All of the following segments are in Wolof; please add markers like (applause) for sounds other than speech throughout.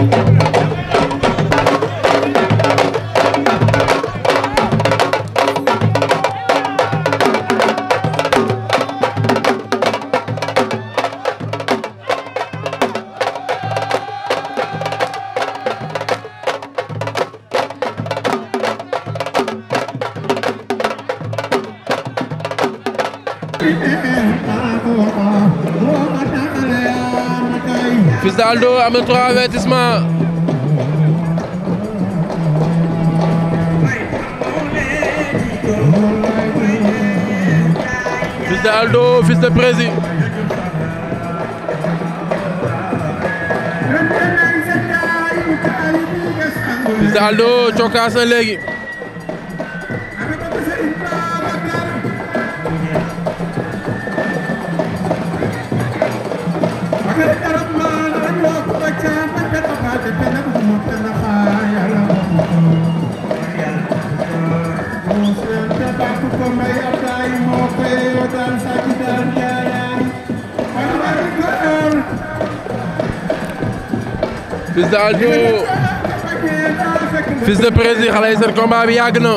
Thank you. amul trois avertissement fils de Aldo fils de Prési fils de Aldo cokaas na léegi Fils de Aldio Fils de Prézi xale yi seen combat bi yàgg na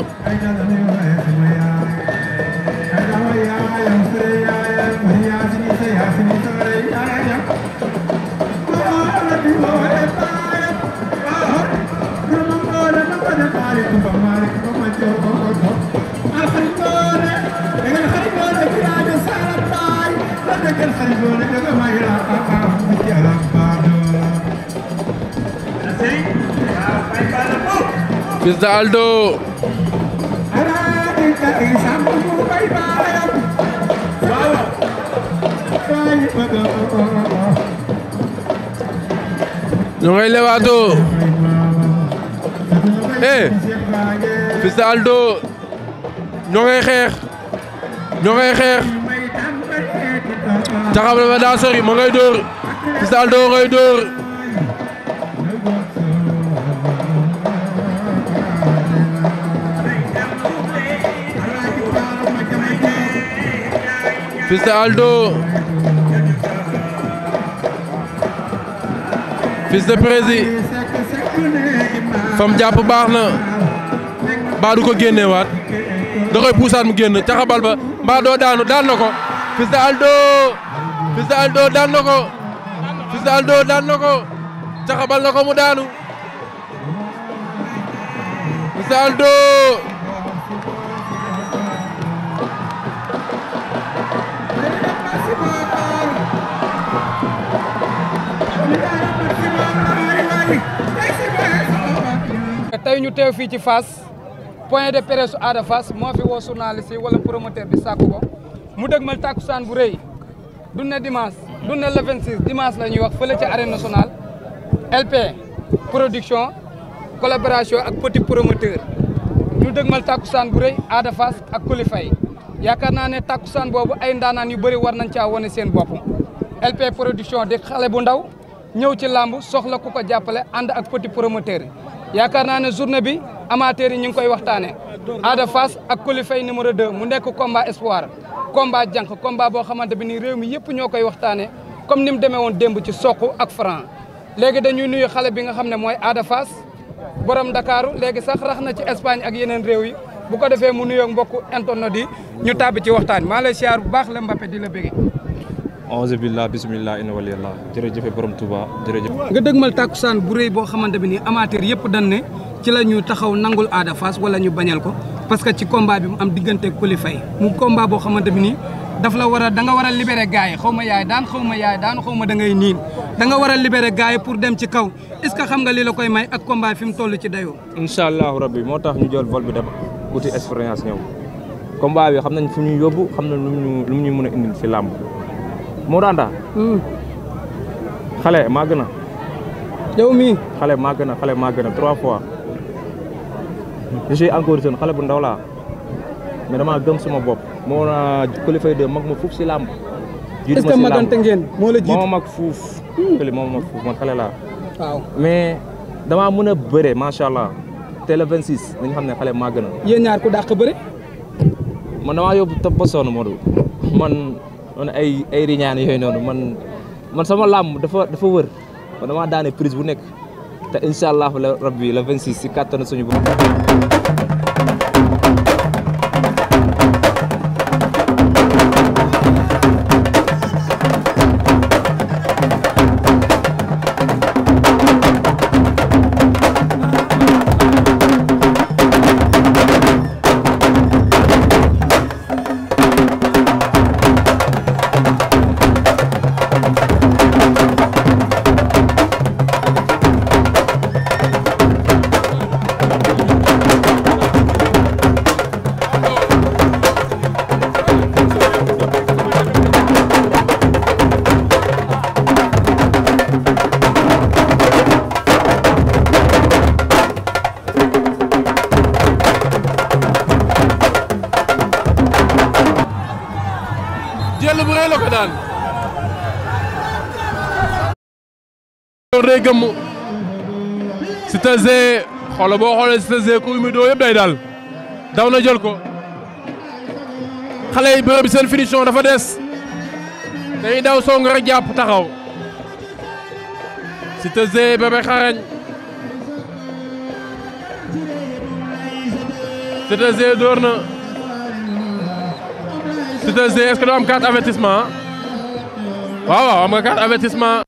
Thank you. Fils de Aldo ñu ngay lewaato eh Fils de Aldo ñoo ngay xeex ñoo ngay xeex taxaw na ba daa sori ma ngay dóor Fils de Aldo ngay dóor Fils de Aldo Fils de fam jàpp baax na mbaa du ko génneewaat da puusaat mu génn ca caxabal ba mbaa doo daanu daan na ko Fils de Aldo Fils de Aldo daan na ko Fils de Aldo daan na ko caxabal na ko mu daanu Fils de Aldo tey ñu teew fii ci Fass point de presse Ada Fass moo fi woo wala promoteur bi sàkku ko mu dëgmal tàkkusaan bu rëy du ne dimanche du ne le 26 la ñuy wax fële ci arène nationale LP production collaboration ak petit promoteur ñu dëgmal tàkkusaan bu rëy Ada ak Coly Faye yaakaar naa ne tàkkusaan boobu ay ndaanaan yu bëri war nañ caa wane seen bopp LP production di xale bu ñëw ci làmb soxla ku ko jàppale ànd ak petit promoteur yi yaakaar naa ne journée bi amateurs yi ñu ngi koy waxtaanee Ada Fass ak Coly Faye numéro 2 mu nekk combat espoir combat jànq combat boo xamante bi ni réew mi yëpp ñoo koy waxtaanee comme ni mu demee woon démb ci soq ak franc léegi dañuy nuyu xale bi nga xam ne mooy Ada borom ndakaaru léegi sax rax na ci Espagne ak yeneen réew yi bu ko defee mu nuyoog mbokku internet yi ñu tàbbi ci waxtaan maa lay bu baax la Mbappé di la onze billah bismillah inna waliyallah jërëjëfe borom Touba jërëjëf nga dëgmal tàkkusaan bu boo xamante bi ni amateur yëpp dañ ne ci la taxaw nangul Ada Fass wala ñu bañal ko parce que ci combat bi mu am diggante Coly Faye mu combat boo xamante bi ni daf la war a da nga war a libéré gars yi xaw ma yaay daan xaw ma yaay daan xaw ma da ngay niin da nga war a libéré gars yi pour dem ci kaw est ce que xam nga li la koy may ak combat fi mu toll ci dayoo incha allahu rabbi moo tax ñu jël vol bi dem uti expérience ñëw combat bi xam nañ fu ñuy yóbbu xam nañ lu ñu lu mu ñu mën a indil fi làmb Modou Anta. Hmm. xale maa gën a. yow mii. xale maa gën a xale maa gën a trois fois. je suis encore jeune xale bu ndaw laa mais damaa gëm suma bopp. moo na qualifié de mag ma fuuf si làmb. jiitu ma si làmb moo la jiitu moo mag fuuf. Hmm. këli xale laa. waaw mais damaa mën a bëre macha allah te le 26 nañu xam ne xale maa gën a. yéen ñaar ku dàq bëre. man damaa yóbbu topp ba sonn Modou man. man ay ay riñaan yooyu noonu man man sama làmb dafa dafa wër man damaa daane prise bu nekk te incha allah rabbi la 26 si kàttanu suñu bopp. Siteu xoolal boo xoolee Siteu Zé ku muy doo yëpp day daal daw na jël ko xale yi bërëb seen finition dafa des dañuy daw song rek jàpp taxaw Siteu Zé Bébé Xarañ Siteu Zé door na Siteu Zé est-ce am carte avertissement waaw am nga carte avertissement.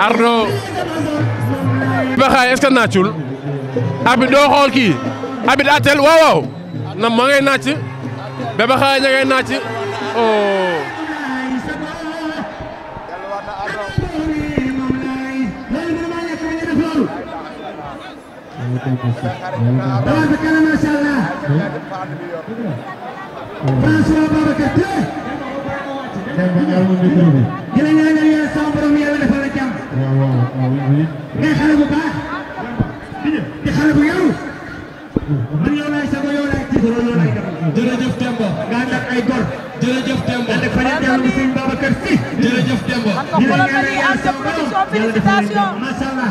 Ardo Baxaay est-ce que naacul abit doo xool kii abit atel waaw na ma ngay naacc Bébé Xaay ña ngay naacc oh. félicitation machallah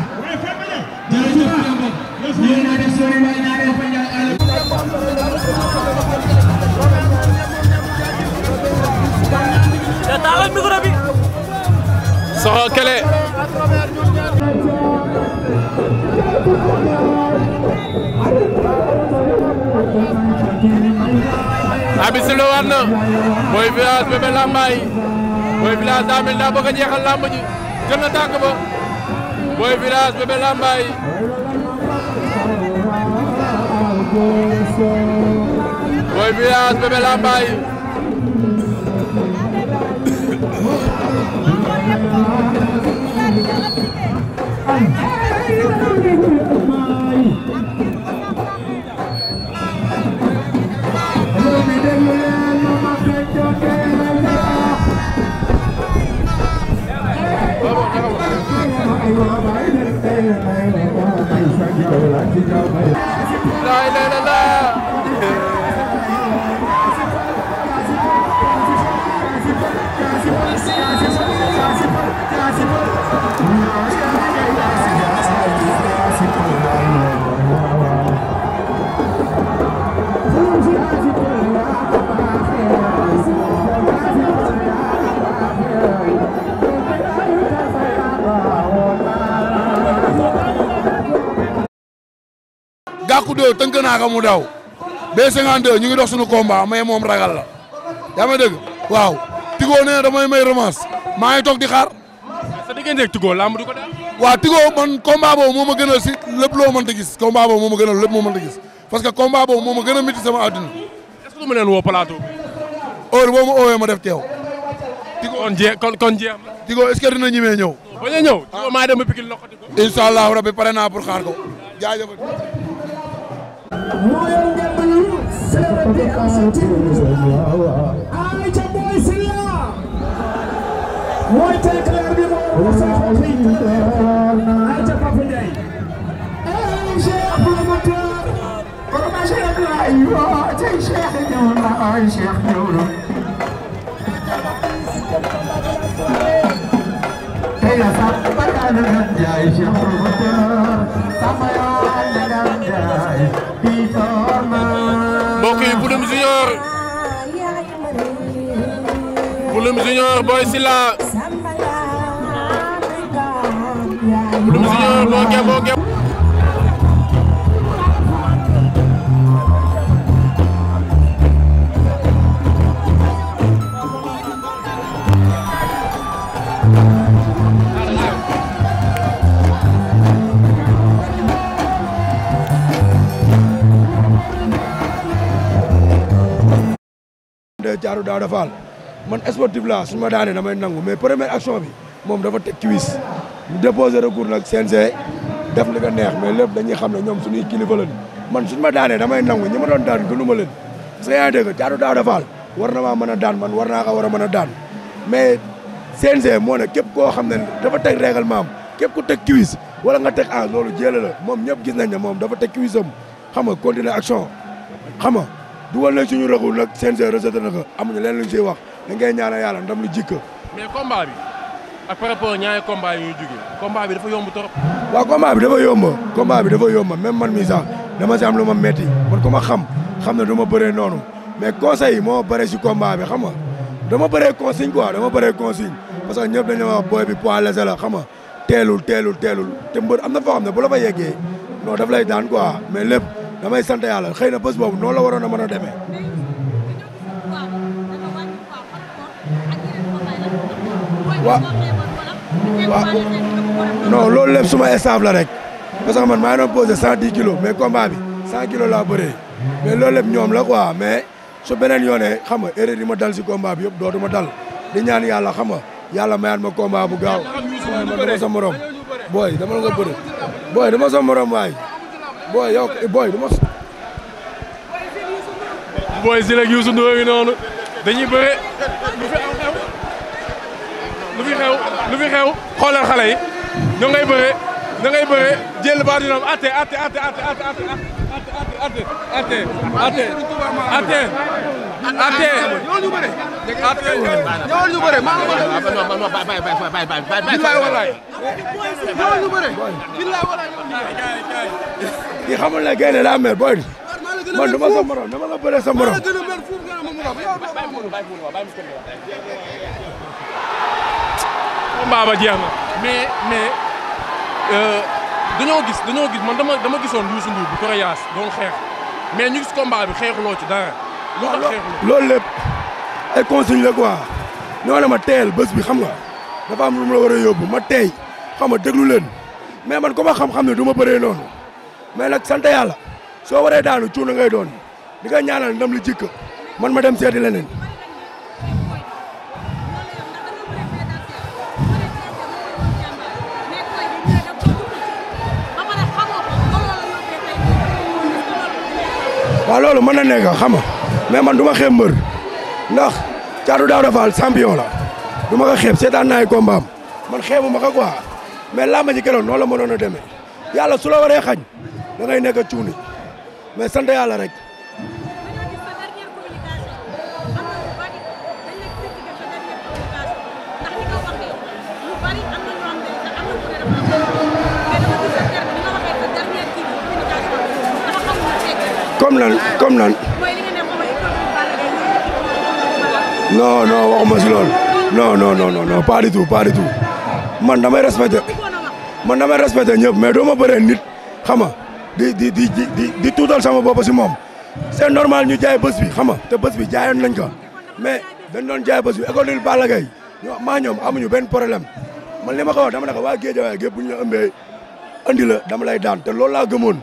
da taalal micro bi soxo kele abi si lo war na Boy Village Bébé Lambaye Boy Village daa mel daa bëgg a jeexal lamb ji jël na tànk ba Boy Village Bébé Lambaye Boy Village Bébé Lambaye paaka mu daw B52 ñu ngi dox suñu ma dëgg waaw Tigo nee di xaar. sa diggante ak Tigo lamb du ko daal. waaw Tigo man combat boobu moo ma gënal si lépp loo mënta gis combat boobu moo ma gënal lépp moo mënta gis parce que combat moo ma gën a métti ma leen woo plateau bi. boo ma oowee ma def teew. Tigo kon dina ñemee ñëw. bañ a pare naa pour xaar ko moo yor njëmbalu célébrité ak célébrité Aïcha Boy Sylla mooy teekaleer bi moo war a soxla fii Aïcha Papa Ndiaye ay Cheikh Promoteur borom Cheikh laay yoo tey Cheikh ñëw na ay Cheikh ñëw na tey la sax barka na Ndiaye Cheikh Promoteur sama yoon la Ndiaye Bouloum Junior Boy Sylla Bouloum Junior moo gem moo gem Jaarou Daouda Fall man sportif laa suñu ma daanee damay nangu mais première action bi moom dafa teg cuisse ñu déposé recours nag CNG def li ko neex mais lépp dañuy xam ne ñoom suñuy kilifa lañ man suñu ma daanee damay nangu ñi ma doon daan gënu ma leen parce que yaa war na maa mën a daan man war naa ko war a mën a daan mais CNG moo ne képp koo xam ne dafa teg règlement am képp ku teg cuisse wala nga teg ah loolu jéele la moom ñëpp gis nañ ne moom dafa teg cuisse am xam nga continuer action xam nga dugal nañ suñu recours nag CNG rejeté na ko amuñu leen luñ wax da ngay ñaana yàlla ndam lu jikka mais combat bi ak par rapport ñaari combat yi ñuy jugee combat bi dafa yomb trop. waaw combat bi dafa yomb combat bi dafa yomb même man mii dama si am lu ma metti man ko ma xam xam na du ma bëree noonu mais conseil moo bëri si combat bi xam nga dama bëree consigne quoi dama bëree consigne parce que ñëpp dañu wax booy bi poids léger la xam nga teelul teelul teelul te mbër am na foo xam ne bu la fa yeggee non daf lay daan quoi mais lépp damay sant yàlla xëy na bés boobu noonu la waroon na mën a demee. waaw waaw non loolu lépp suma staff la rek parce man maa ngi doon posé cent dix kilos mais combat bi cent kilos laa bëree mais loolu lépp ñoom la quoi mais su beneen yoonee xam nga erreur yi ma dal si combat bi yëpp dootuma dal di ñaan yàlla xam nga yàlla mayaat ma combat bu gaaw waaye man dama sa morom booy dama la nga booy dama sa morom waay booy yow booy dama booy si nag Youssou Ndour ngi fi xew lu fi xew xoolal xale yi ñu ngay bëre ñu ngay bëre jël ba dina am atte atte atte atte atte atte atte atte atte atte atte ñoo ñu bëre ñoo ñu bëre ma ma bay bay bay bay bay bay billahi wallahi ñoo ñu bëre billahi wallahi yi xamul ne gaynde la mer boy man duma sa morom dama la bëre sa morom combat ba jeex na mais mais euh, dañoo gis dañoo gis man dama dama gisoon Youssou Ndour bu Koreyaas xeex mais ñu gis combat bi xeexuloo ci dara. lu tax xeexuloo loolu la quoi ñoo ne ma teel bés bi xam nga dafa am lu mu la war a yóbbu ma teey xam nga déglu leen mais man ko ma xam-xam ne du ma bëree noonu mais nag sant yàlla soo waree daanu cuuna ngay doon di nga ñaanal ndam li jikk man ma dem seeti leneen. waaw loolu mën na nekk xam nga mais man du ma xeeb mbër ndax Thiatou Daouda la du ma ko xeeb seetaan naa ay combat man xeebu ma ko quoi mais làmb ji keroog noonu la mënoon a demee yàlla sula waree xañ da ngay nekk cuuni mais sant yàlla rek. comme lan comme lan. non non waxuma si loolu. non non non non pas du tout pas du man damay respecté man damay mais doo ma bëree nit xam nga di di di di di tuutal sama bopp si moom. c'est normal ñu jaay bés bi xam nga te bés bi jaayoon nañ ko mais dañ doon jaay bés bi école de Balla Gaye ñoo maa ñoom amuñu benn problème man li ma ko wax dama ne ko waa Géejawaay gépp bu ñu la la dama lay daan te loolu laa gëmoon.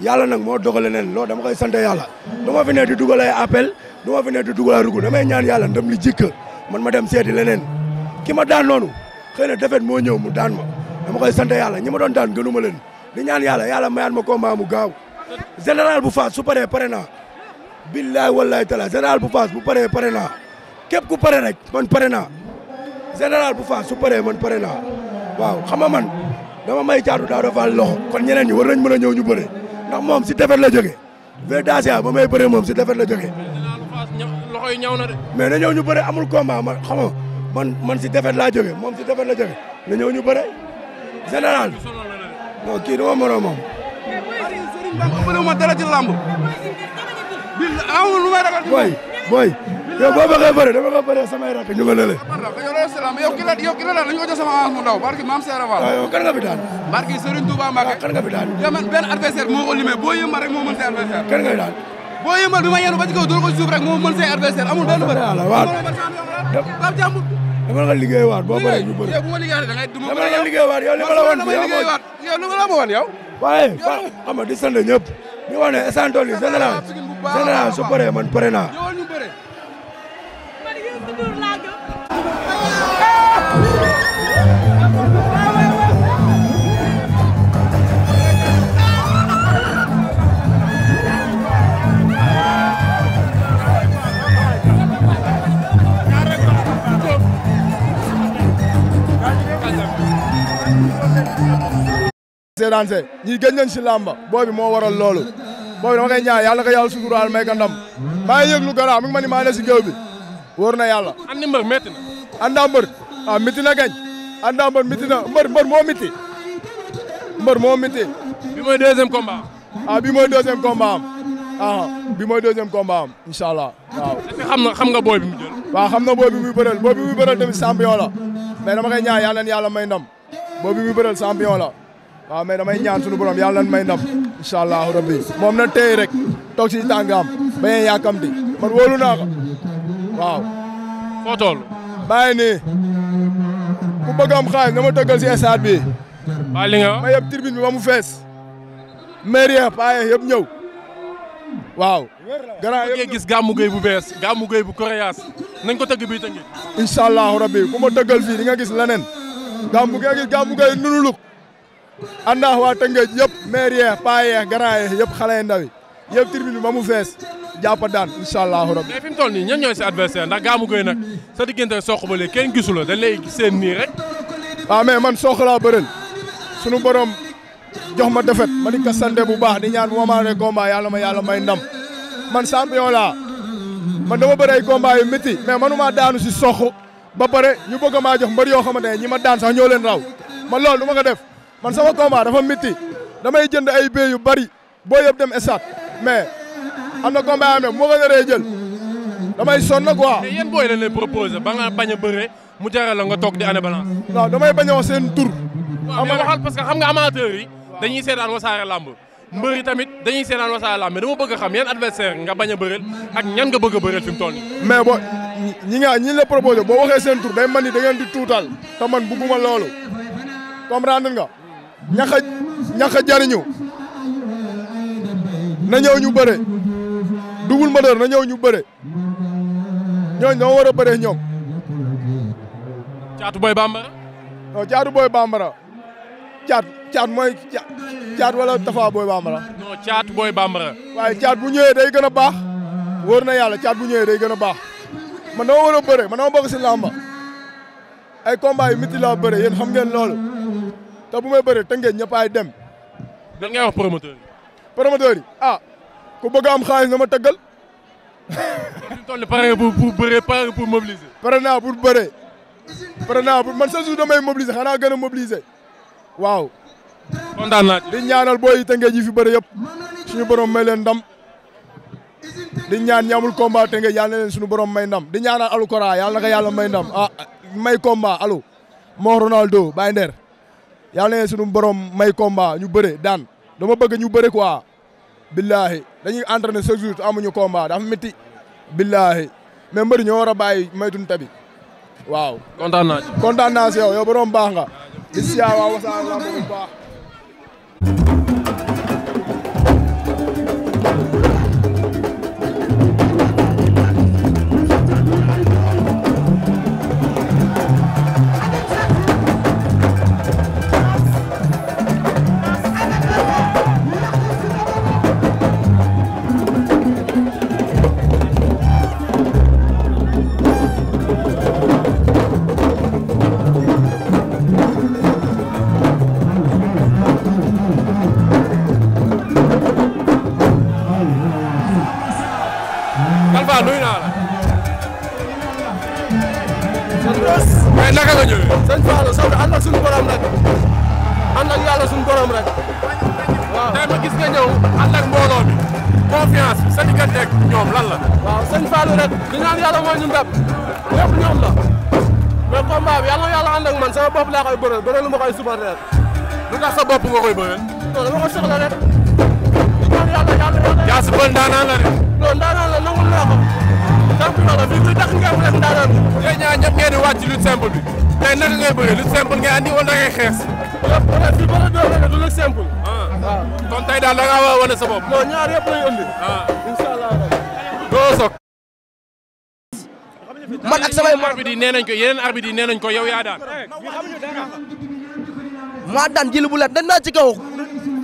yàlla nag moo dogale leen loo dama koy sant yàlla doo ma fi ne di dugal ay appel du ma fi ne di dugal ay rugu damay ñaan yàlla ndam li jikka man ma dem seeti leneen ki ma daan noonu xëy na moo ñëw mu daan ma dama koy sant yàlla ñi ma doon daan gënu ma leen di ñaan yàlla yàlla mayaat ma combat mu gaaw général bu faas su paree pare naa billaay wallaay taala général bu faas bu paree pare naa képp ku pare rek man pare naa général bu faas su paree man pare naa waaw xam nga man dama may caatu daaw dafa loxo kon ñeneen ñi war nañ mën a ñëw ñu bëre ndax moom si defet la jógee Vidacia ba may bëree moom si defet la jógee. loxo yi na de. mais na ñëw ñu bëre amul combat man xam nga man man si defet laa jógee moom si defet la jógee na ñëw ñu bëre général. non kii dama mënoon moom. Serigne Ba ma dara ci yow boo ma koy bëree dama ñu nga lële. yow ki la yow ki la daal dañu ko jox sama avance mu ndaw barki maam Seera Fall. waaw yow kan nga fi daan. barki ah, benn adversaire moo ko limee boo yëmbal rek moo mën say adversaire. kan nga fi daan. ma yenu ba ci kaw dóor ko ci suuf rek moo mën say adversaire amul benn bëri. waaw waaw waaw jàmbur. waat boo bëree ñu bëri. bu ma liggéey da ngay duma bëri yow waat yow li ma la woon. yow li ma la woon yow. waaye xam nga di sant ñëpp. di wax ne essantol yi Ndour laa gëm séedanse ñii gëj nañ si làmba booy moo waral loolu booy bi dama koy ñaan yàlla ko yàlla suturaal may maa ngi yëg lu garaaw mi ma ni maa ne si géew bi wóor na yàlla. andi mbër métti na. anda mbër ah métti na mbër mbër moo métti mbër moo métti. bi mooy deuxième combat am. ah bi mooy deuxième combat am ah bi mooy deuxième combat am incha allah waaw. na xam nga booy mu jël. waaw xam na booy bi muy bëreel booy bi muy bëreel tamit champion la mais dama koy ñaan yàlla yàlla may ndam booy bi muy bëreel champion la waaw mais damay ñaan suñu borom yàlla na may ndam incha moom na tey rek toog si tàngaam bañ a yàkkamti man wóolu naa ko. waaw. foo toll. nii ku bëgg am na ma dëggal si stade bi. waa ma yëpp tribune bi ba mu fees. mairie paaye yëpp ñëw. waaw. gannaaw yëpp gis gàmmu gay bu bees gàmmu gay bu koréas nañ ko tëgg bii tëngi. incha allahu rabbi ku ma dëggal fii nga gis leneen. gàmmu gay gis gàmmu gay nunuluk. àndaax waa Tëngéej yëpp mairie paaye gannaaw e yëpp xale ndaw yi bi ba mu fees. jàpp daan incha allahu rabi. mais fi mu toll nii ñan ñooy sa adversaire ndax Gamou Gueye nag ba léegi kenn gisu la dañ lay seen nii rek. waaw ah, mais man soq laa bëreel sunu borom jox ma defet ma di ko sant bu baax di ñaan wamaane combat yàlla ma yàlla may ndam man champion laa man dama bëre ay combat yu métti mais manuma daanu si soq ba pare ñu bëgg maa jox mbër yoo xamante ne ñi ma daan sax ñoo leen raw man loolu du ma def man sama combat dafa métti damay jënd ay bee yu bari boo yëpp dem stade mais. xam na combat amee moo ko naree jël damay sonn quoi. mais yéen booy lañ lay proposé ba nga bañ a mu jaral la nga toog di année balance. non damay bañ a wax seen tur. xam nga waxal parce que xam nga amateurs yi. dañuy seetaan wasaare lamb. mbër yi tamit dañuy seetaan wasaare lamb mais dama bëgg a xam yan adversaire nga bañ a bëreel ak ñan nga bëgg a bëreel fi mu mais boo ñi nga ñi la proposé boo waxee seen tur day man ni da ngeen di tuutal te man bugguma loolu comprendre nga. ñax a ñax a jariñu na ñëw ñu bëre. ma Moteur na ñëw ñu bëre ñooñu dama war a bëree ñoom. caatu booy bambara. non caatu booy bambara cat caat mooy caat wala tafa booy bambara. non caat booy bambara. waaye caat bu ñëwee day gën a baax wóor na yàlla caat bu ñëwee day gën a baax man dama war a bëre man dama bokk si làmba ay combat yu miti laa bëre yéen xam ngeen loolu te bu may bëre tëng ngeen ñëpp ay dem. lan ngay wax promoteur yi. promoteur ah, ko bëgg am xaalis na ma tëggal. ñu toll pare pour pour bëree pare pour mobiliser. pare naa pour bëree. pare naa pour man sa jour damay mobiliser xanaa gën a mobiliser waaw. kontaan naa di ñaanal booy Tëngéej yi fi bëri yëpp suñu borom may leen ndam di ñaan ñi amul combat Tëngéej yàlla na leen suñu borom may ndam di ñaanal Alu Kora yàlla na ko yàlla may ndam ah may combat alu moo Ronaldo Baye Nder yàlla na leen suñu may combat ñu bëre daan dama bëgg ñu bëre quoi. billaahi dañuy entraîné chaque jour amuñu combat dafa métti billaahi mais mbëri ñoo war a bàyyi maytun tabi waaw. kontaan naa ci kontaan baax nga. di si waaw wasaare laa bu baax. daanu rek di ñaan yàlla mooy ñu ndab lépp ñoom la mais combat bi yàlla yàlla ànd ak man sama bopp laa koy bëreel bëreel ma koy suba reer lu tax sa bopp nga koy bëreel non dama ko soxla rek di ñaan yàlla yàlla Diass Peulh ndaanaan la de non ndaanaan la nangul naa ko champion la fii kuy tax ngeen rek ndaanaan bi yéen ñaar ñëpp ngeen di wàcc ci lutte simple bi tey naka ngay bëree lutte simple ngay andi wala da ngay xeex lépp bëre fii bëre doo rek du lutte simple waaw ah. kon tey daal da ngaa war a wane sa bopp non ñaar yëpp lay indi waaw ah. incha allah doo sok man ak samay ma arbitre yi nee nañ ko yeneen arbitre yi nee ko yow yaa daan. maa daan jëli bu leer dañ naa ci kaw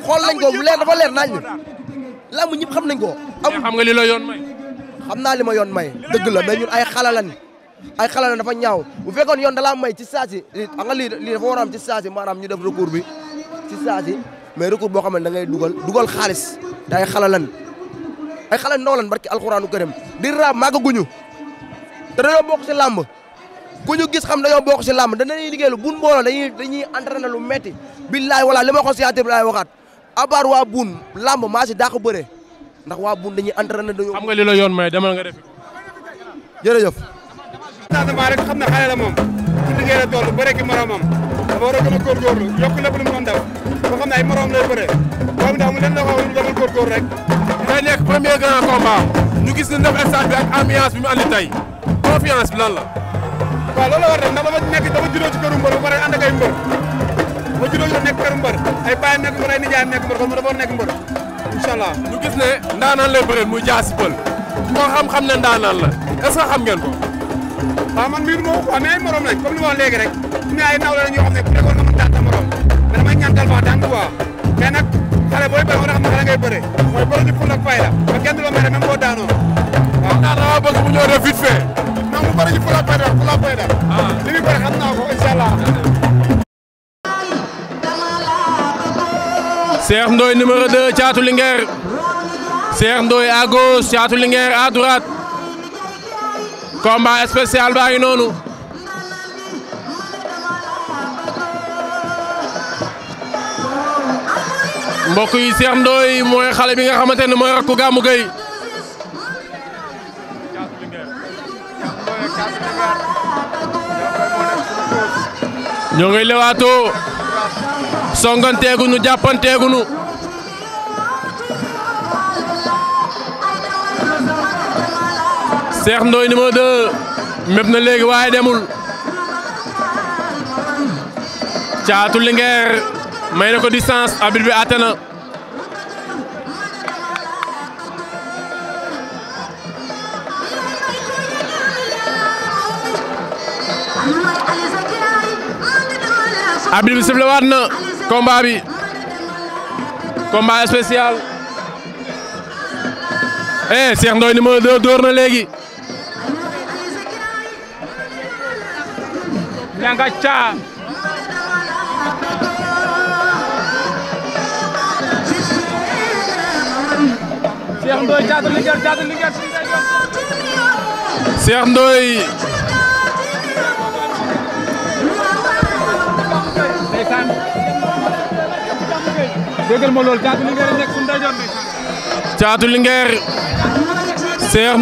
xool nañ ko bu leer dafa leer nañ lamb ñëpp xam nañ ko. amul xam nga li yoon xam naa li ma yoon may dëgg la mais ñun ay xale lañ ay xale lañ dafa ñaaw bu fekkoon yoon dalaa may ci saasi xam nga lii lii dafa war a am ci saasi maanaam ñu def recours bi ci saasi mais recours boo xam ne da ngay dugal dugal xaalis te ay xale lañ ay xale ndaw lañ barki karim di raam màggaguñu te dañoo bokk si làmb ku ñu gis xam dañoo bokk si làmb danañuy liggéey lu buun mbooloo dañuy dañuy lu metti billaay wala li ma ko si yaatee bi waxaat à waa buun làmb maa si dàq bëre ndax waa buun dañuy entraîné dañoo. xam nga li la yoon may demal nga def. jërëjëf. damaa rek xam na xale la moom liggéey la toll bëre ki moromam dafa war a gën a góorgóorlu yokk lépp lu mu doon def ba xam ne ay morom bëre boobu ndax mu leen la waxoon ñu demal góorgóorlu rek. day nekk premier grand combat ñu gis ne ndef stade bi confiance bi lan la. waaw loolu la war a def ndax këru mbër ba pare ànd mbër ma juddoo ci këru mbër ay baay mbër ay nijaay mbër kon ma dafa mbër incha allah. gis ne ndaanaan lay bëreel muy jaasi pël koo xam-xam ne ndaanaan la est xam ngeen ko. waaw man miir moo waaw mais ay morom lañ comme li ma wax rek suñu ay nawle ne ku nekkoon nga mën daan sa morom mais damay ñaan dal ma daan quoi mais nag xale booy bëri war a xam ne xale ngay bëre mu ñëw def vite fait mu bëri ci Fula Payda Fula numéro 2 Thiatou Linguère. Cheikh Ndoye à gauche Thiatou Linguère à droite. combat baa ngi noonu. mbokk yi Cheikh Ndoye mooy xale bi nga xamante mooy rakku Gamou Gueye. ñoo ngi lewaatoo songanteegunu jàppanteegunu Cheikh Ndoye numéro 2 mépp na léegi waaye demul Thiatou Linguère may na ko distance arbitre bi àtte arbitre bi sifflé waat na combat bi combat spécial eh Cheikh Ndoye numéro 2 door na léegi. ña nga caa. Cheikh caatu li ngeen caatu ndeysaan caatu lingeer nekk suñu ndeyjoor ndeysaan caatu lingeer Cheikh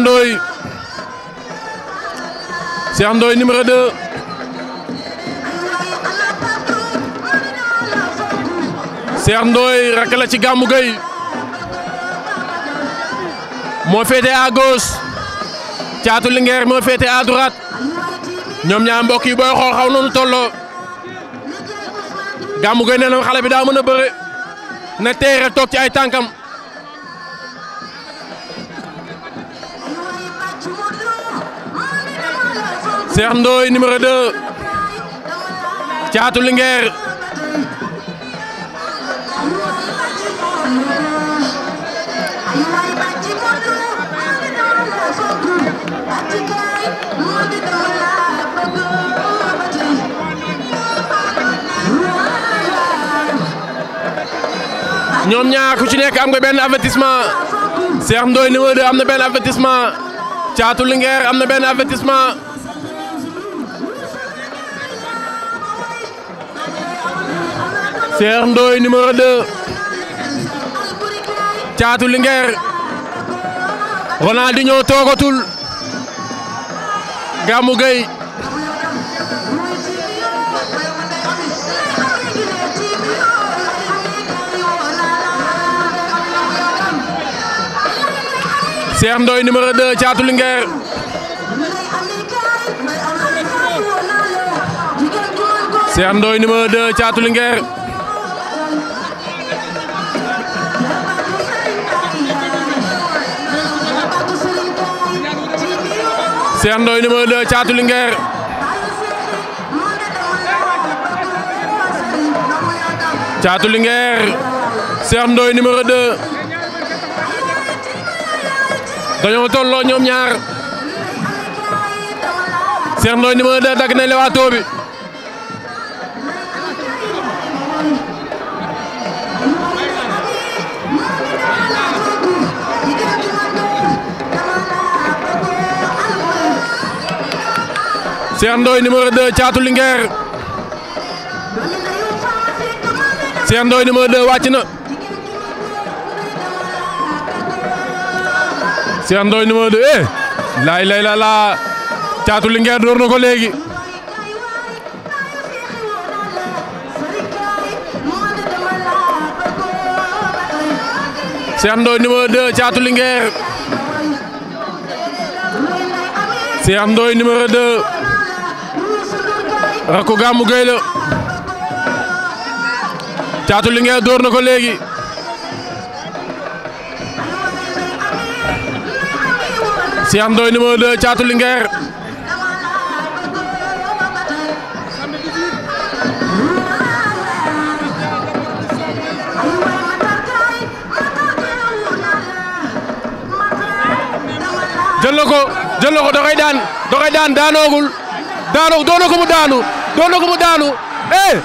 Ndoye caatu lingeer numéro 2 Cheikh Ndoye rakk ci Gamou Gueye moo féete à caatu lingeer moo féete à droite ñoom ñaar mbokk yi booy xool xaw nañu tolloo gàmmu gay xale bi daa mën a bër na teere toog ci ay tànkam Cheikh Ndoye numéro 2 caatu lingeer ñoom ñaar ku ci nekk am na benn avertissement Cheikh Ndoye numéro 2 am na benn avertissement Thiatou Linguère am na benn avertissement Cheikh Ndoye numéro 2 Thiatou Linguère Ronaldinho toogatul Gamou Gueye Cheikh Ndoye numéro 2 Thiatou Linguère Cheikh Ndoye numéro 2 Thiatou Linguère Cheikh Ndoye numéro dañoo tolloo ñoom ñaar Cheikh Ndoye numéro 2 dagg na lewaatoo bi Cheikh Ndoye numéro 2 Thiatou Linguère Cheikh Ndoye numéro 2 wàcc na Cheikh Ndoye numéro 2 eh laay lay caatu Linguère door na ko léegi Cheikh Ndoye numéro 2 caatu Linguère Cheikh caatu Linguère door na ko léegi Cheikh Ndoye numéro 2 Thiatou Linguère jël na jël na ko daan da daan daanoogul daanoog doon na mu daanu doon na mu daanu eh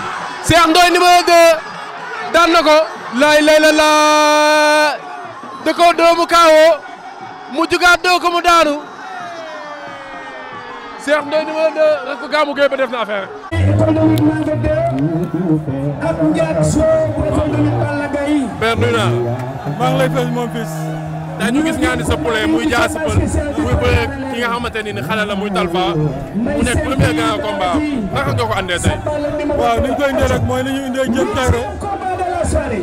Cheikh Ndoye numéro 2 daan na laay lay la laa da ko doomu mu jugaat doo ko mu daanu Cheikh Ndoye numéro 2 rek ko gaamu géey ba def na affaire ak njaag maa ngi lay fay moom fils dañu gis nga ni sa poulet muy jaa si muy bëre ki nga xamante ni xale la muy Talfa mu nekk premier grand combat naka nga ko andee waaw ni ñu indee rek mooy li ñu indee jëm tayre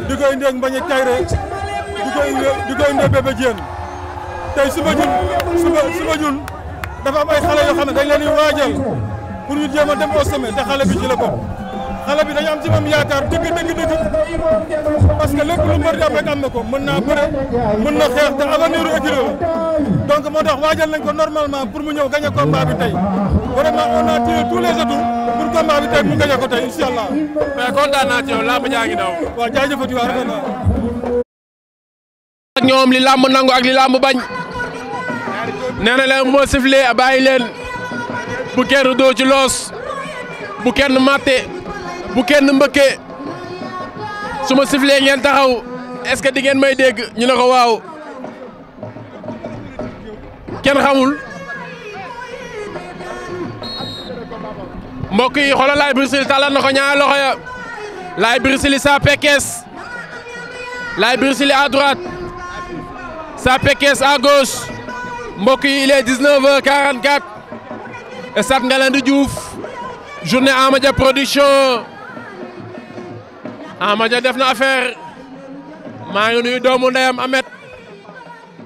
di ko indee mbañ a tayre di ko indee di ko tey suba ñun dafa am ay xale yoo xam ne dañ leen di waajal pour ñu jéem a dem au sommet te xale bi ci la bokk xale bi dañu am yaakaar dëgg dëgg dëgg parce lépp lu mbër di am rek am na ko mën naa bëre mën na xeex te avenir u écurie la donc moo tax waajal nañ ko normalement pour mu ñëw gagné combat bi tey vraiment on a tiré tous les atouts pour combat bi tey mu gagné ko tey incha allah. mais kontaan yow laa ba jaa ngi daw. waaw jaajëfati waa ñoom li làmb nangu ak li làmb bañ nee na leen bu ma siflee bàyyi leen bu kenn doo ci loos bu kenn màtte bu kenn mbëkke su ma siflee ngeen taxaw est-ce que di ngeen may dégg ñu ne ko waaw kenn xamul mbokk yi xoolal Laye Bruce Lee tàllal na ko ñaari loxo ya Laye Bruce Lee sa pekkees Laye Bruce sa Pekes à gauche mbokk yi il est 19h44 stade Ngalandou Diouf journée Amadia production Amadia def na affaire maa ngi nuyu doomu ndeyam Amet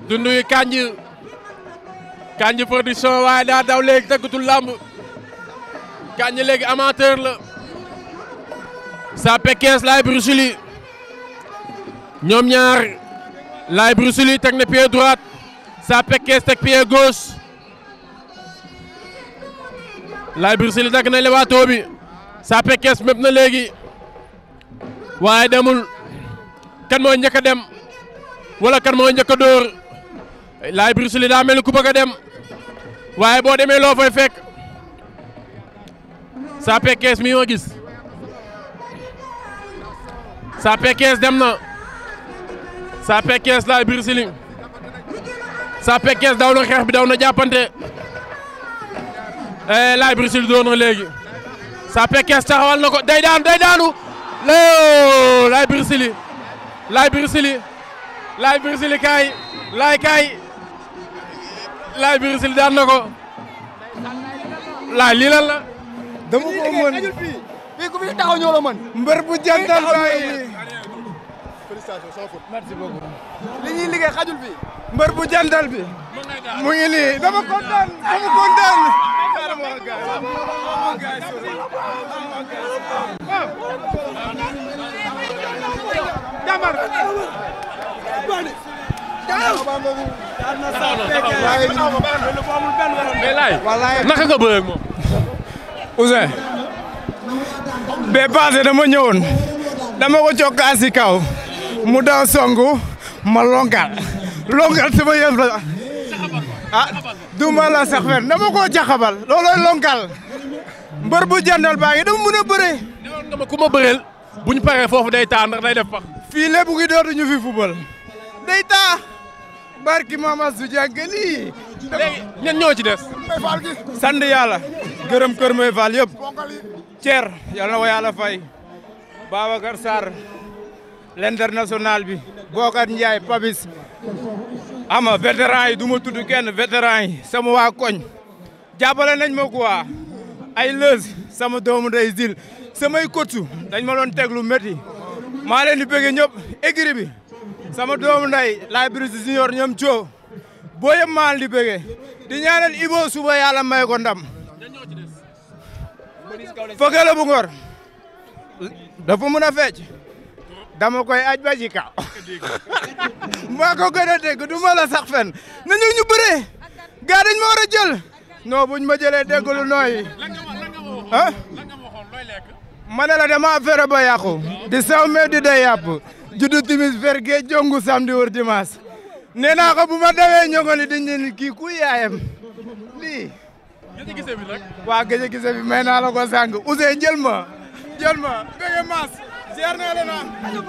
du nuyu Kanji Kanji production waaye daa daw léegi tëggatul làmb Kanji léegi amateur la sa Pekes laay brusili ñoom ñaar. Laye Bruce Lee teg na pied droite Sa Pekes teg pied gauche Laye Bruce Lee na lewaatoo bi Sa Pekes mépp na léegi waaye demul kan moo njëkk a dem wala kan moo njëkk a dóor Laye Bruce Lee daa mel ni ku bëgg a dem waaye boo demee loo fay fekk Sa Pekes mi ma gis Sa Pekes dem na. saa pekkees la biir siling saa pekkees daw na bi daw na jàppante eh, laay biir siling doon na saa pekkees taxawal na ko day daanu day daanu léo laay biir laay biir laay biir siling kaay laay kaay laay daan na ko laay lii lan ko mën fii ku fi taxaw félicitations sans faute. merci beaucoup. li ñuy liggéey xajul bi. mbër bu jantal bi. mu ngi dama kontaan dama kontaan. jàmbar. wallaay naka nga bëree ak moom. dama ñëwoon. dama ko mu daa songu ma longal longal sama yëf la ah du ma la sax koo jaxabal loolooy longal mbër bu jàndal baa ngi dama mën bëre. dama ma bëreel bu ñu foofu day taa ndax day def pax. fii lépp dootu ñu fi fubal. day taa. barki Mama su jàng lii. léegi ci des. sant yàlla. gërëm kër Mbaye Fall yëpp. Thier yàlla na ko yàlla fay. Babacar Sarr. l'international bi Bokar Ndiaye Pabis ama vétéran yi du ma tudd kenn vétéran yi sama waa koñ jàppale nañ ma quoi ay lëz sama doomu day zil samay kottu dañ ma doon teg lu métti maa leen di ñëpp écurie bi sama doomu nday laay brise junior ñoom coo boo yëpp maa di bëgg di ñaanal suba yàlla may ko ndam bu ngor dafa mën a fecc dama koy aj ba ci (laughs) ko gën a dégg du ma la sax fen nañu ñu bëree gaa dañ ma war jël non buñ ma jëlee dégg lu nooyi ma ne la fere ba yàqu di saw me di day yàpp juddu timis fer gee jongu samedi wër dimanche nee naa ko bu ma dawee ñongoli dañ leen kii ku yaayam waa gëj gise bi may naa la ko sàng Ousseyn jël ma jël ma bëgg maas jeer naa leen ah.